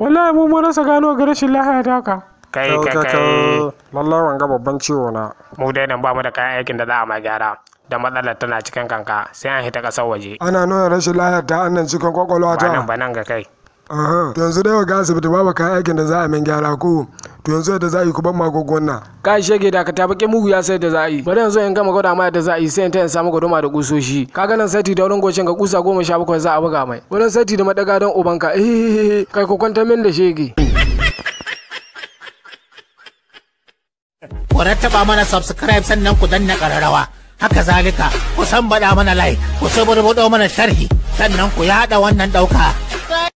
wallahi mu mun rasa gano ga rashin lahaya ta ka kai kai kai wallahi wanga babban ciwo na mu dai nan ba mu da kayan aikin da za a ma gyara da matsalar tana cikin kanka sai an hita kasar waje ana nuna rashin lahiya ta annan cikin kwakwalwa ta ba nan ga kai yanzu dai ga asibiti babu kayan aikin da za a min gyara ko to yanzu yadda za a yi ku ban magogon nan ka shege da ka tabake mugu ya sai da za a yi bari yanzu in gama gwada ma yadda za a yi sai in ta yin samu guduma da kusoshi ka ga nan sati da wurin gocin ga kusa goma sha bakwai za a buga mai wurin sati da madaga don ubanka kai ku kwanta min da shege ku rattaba mana subscribe sannan ku danna ƙararrawa haka zalika ku san baɗa mana like ku saburbudo mana sharhi sannan ku yaɗa wannan ɗauka.